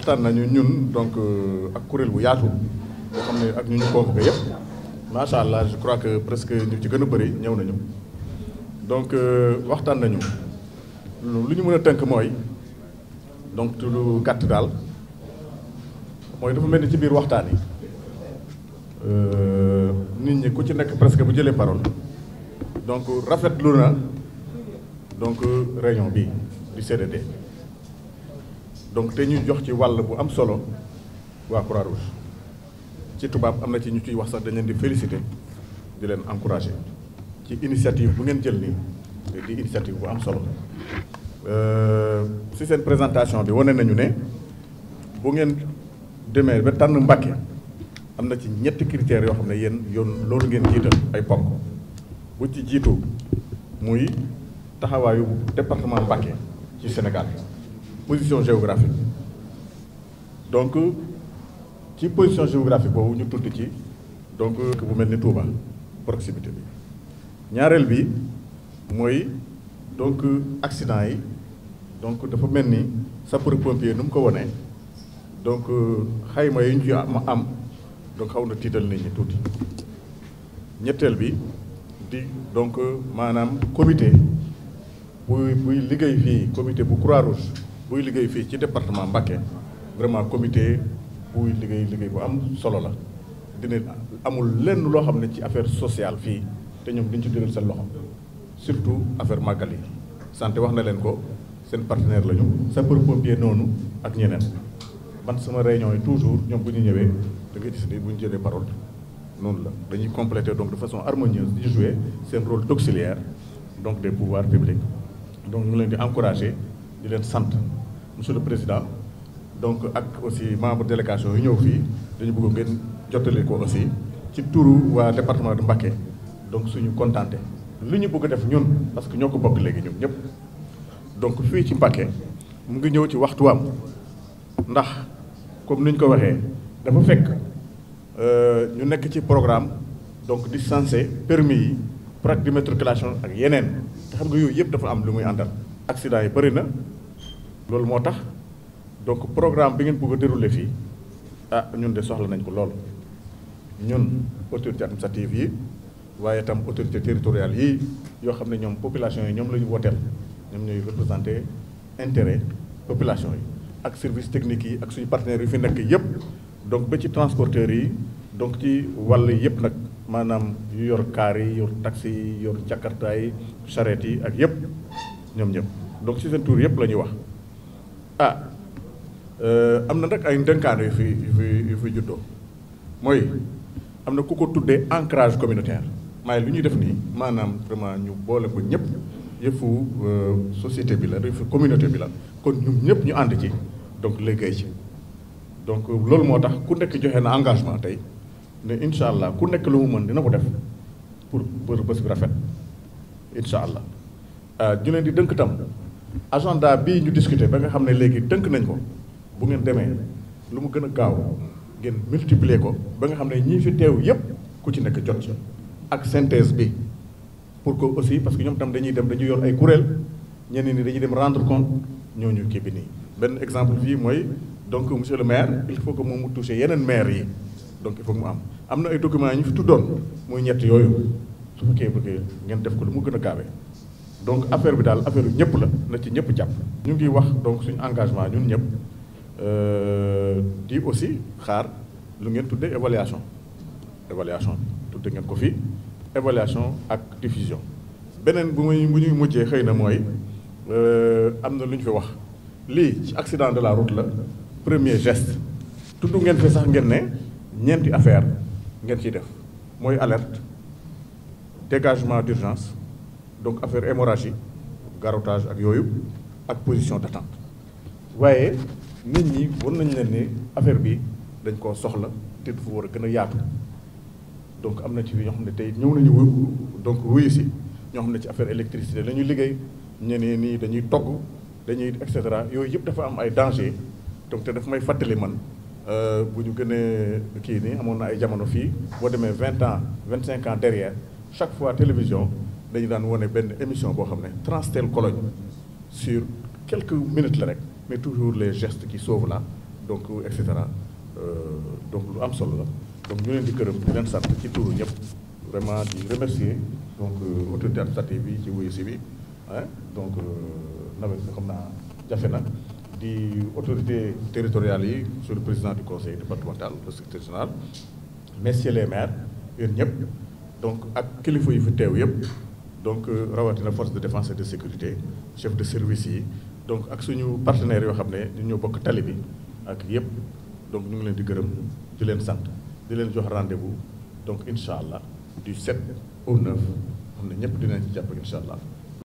waxtaan nañu ñun donc euh, ak kuréel bu yaatu boo xam ne ak ñu ñu convoqué yëpp macha allah je crois que presque ñu ci gën a bëri ñëw nañu donc euh, waxtaan nañu lu ñu mën a tënk mooy donc tu lu gàtt daal mooy dafa mel ni ci biir waxtaan yi euh, nit ñi ku ci nekk presque bu jëlee parole donc rafetlu na donc réunion bi du CDD. donc te ñu jox ci wàll bu am solo waa croix ci tubaab am na ci ñu ciy wax sax dañ leen di félicité di leen encouragé ci initiative bu ngeen jël nii di initiative bu am solo si euh, seen présentation bi wane nañu ne bu ngeen demee ba tànn Mbàkke am na ci ñetti critères yoo xam ne yéen yoon loolu ngeen jiital ay ponk bu ci jiitoo muy taxawaayu département Mbàkke ci Sénégal position géographique donc ci position géographique boobu ñu tudd ci donc bu mel ni Touba proximité bi ñaareel bi mooy donc accident yi donc dafa mel ni sapeur pompier nu mu ko wone donc xayma yi ñu ci am donc xaw na tiital nit ñi tuuti ñetteel bi di donc maanaam comité buy buy liggéey fii comité bu Croix-Rouge buy liggéey fii ci département Mbacké vraiment comité buy liggéey liggéey bu am solo la dina amul lenn loo xam ne ci affaire sociale fii te ñoom duñ ci dugal seen loxo surtout affaire màggal yi santé wax na leen ko seen partenaire la ñu sapeur pompier noonu ak ñeneen man sama réunion yi toujours ñoom bu ñu ñëwee da ngay gis ni bu ñu jëlee parole noonu la dañuy compléter donc de façon harmonieuse di jouer seen rôle d'auxiliaire donc de pouvoirs publics donc ñu di encourager di leen sant monsieur le président donc ak aussi membre délégation yu ñëw fii dañu bëgg ngeen jottali ko aussi ci tour waa département de Mbacké donc suñu kontaante li ñu bëgg a def ñun parce que ñoo ko bokk léegi ñun ñëpp donc fii ci Mbacké mu ngi ñëw ci waxtuwaam ndax comme ni ñu ko waxee dafa fekk euh, ñu nekk ci programme donc di sensé permis yi plaque d'immatriculation ak yeneen te xam nga yooyu yëpp dafa am lu muy àndal accident yi bëri na loolu moo tax donc programme bi ngeen bëgg a fii ah ñun de soxla nañ ko lool ñun autorité administrative yi waaye tam autorité territoriale yi yoo xam ne ñoom population yi ñoom la ñu wooteel ñoom ñooy représenter intéret population yi ak service technique yi ak suñu partenaires yi fi nekk yëpp donc ba ci transporteurs yi donc ci wàll yëpp nag maanaam yu yor kaar yi yor taxi yi yor jakarta yi charrette yi ak yëpp ñoom ñëpp donc ci seen tour yëpp la ñuy wax ah euh, am na nag ay ndënkaane yu fi yu fi yu fi juddoo mooy am na ku ko tuddee encrage communautaire maay lu ñuy def nii maanaam vraiment ñu boole ko ñëpp yëfu euh, société bi la yëfu communauté bi la kon ñun ñëpp ñu ànd ci donc liggéey ci donc loolu moo tax ku nekk joxe na engagement tey ne incha allah ku nekk lu mu mën dina ko def pour pour bés bi rafet incha allah ah, ñu leen di dënk tam. agenda bii ñu discuter ba nga xam ne léegi dënk nañ ko bu ngeen demee lu mu gën a gaaw ngeen multiplier ko ba nga xam ne ñii fi teew yépp ku ci nekk jot ak synthèse bi pour que aussi parce que ñoom tam dañuy dem dañuy yor ay kuréel ñeneen ñi dañuy dem rendre compte ñooñu kii bi nii. benn exemple fii mooy donc monsieur le maire il faut que moom mu touché yeneen maire yi donc il mu am am na ay documents ñu fi tuddoon muy ñett yooyu su fekkee bëggee ngeen def ko lu mu gën a gaawee. donc affaire bi daal affaire bi ñëpp la na ci ñëpp jàpp. ñu ngi wax donc suñu engagement ñun ñëpp euh, di aussi xaar lu ngeen tuddee évaluation évaluation bi tuddee ngeen ko fii évaluation ak diffusion. beneen bu muy bu ñuy mujjee xëy na mooy euh, am na lu ñu fi wax lii ci accident de la route la premier geste. tudd ngeen fi sax ngeen ne ñeenti affaire ngeen ciy def mooy alerte dégagement d'urgence. donc affaire hémorragie garrotage ak yooyu ak position d'attente waaye nit ñi war nañ leen ne affaire bi dañ koo soxla te dafa war a gën a yaatu donc am na ci ñoo xam ne tey ñëw nañu wuyu donc wuyu si ñoo xam ne ci affaire électricité la ñuy liggéey ñeneen nii dañuy togg dañuy et cetera yooyu yëpp dafa am ay danger donc te dafa may fàttali man euh, bu ñu gënee kii nii amoon na ay jamono fii boo demee vingt ans vingt cinq ans derrière chaque fois télévision dañu daan wane benn émission boo xam ne tele Cologne sur quelques minutes la rek mais toujours les gestes qui sauvent là donc et cetera euh, donc lu am solo la donc ñu leen di gërëm di leen sant ci turu ñëpp vraiment di remercier donc euh, autorité administrative bi ci wuyu si bi ah donc euh, nawet bi xam naa jafe na di autorités territoriales yi sur le président du conseil départemental le secrétaire général messieurs les maires yéen ñëpp donc ak kilifa yi fi teew yëpp donc euh, rawatina force de défense et de sécurité chef de service yi donc ak suñu partenaires yoo xam ne ñu ñoo bokk tali bi ak yëpp donc ñu ngi leen di gërëm di leen sant di leen jox rendez bu donc incha allah di 7 au 9 xam ne ñëpp dinañ ci jàpp incha allah.